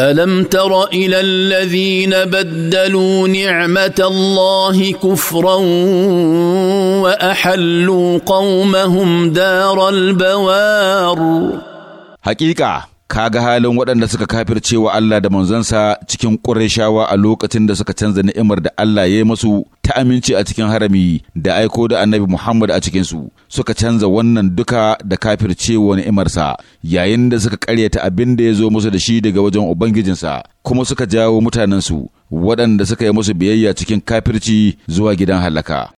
الم تر الى الذين بدلوا نعمه الله كفرا واحلوا قومهم دار البوار حقيقه kaga halin waɗanda suka kafirce wa Allah da manzansa cikin ƙurashawa a lokacin da suka canza ni'imar da Allah ya yi masu ta amince a cikin harami da aiko da annabi Muhammad a cikinsu suka canza wannan duka da na imarsa yayin da suka karyata abin da ya zo musu da shi daga wajen Ubangijinsa kuma suka jawo mutanensu waɗanda suka yi musu biyayya cikin kafirci zuwa gidan halaka.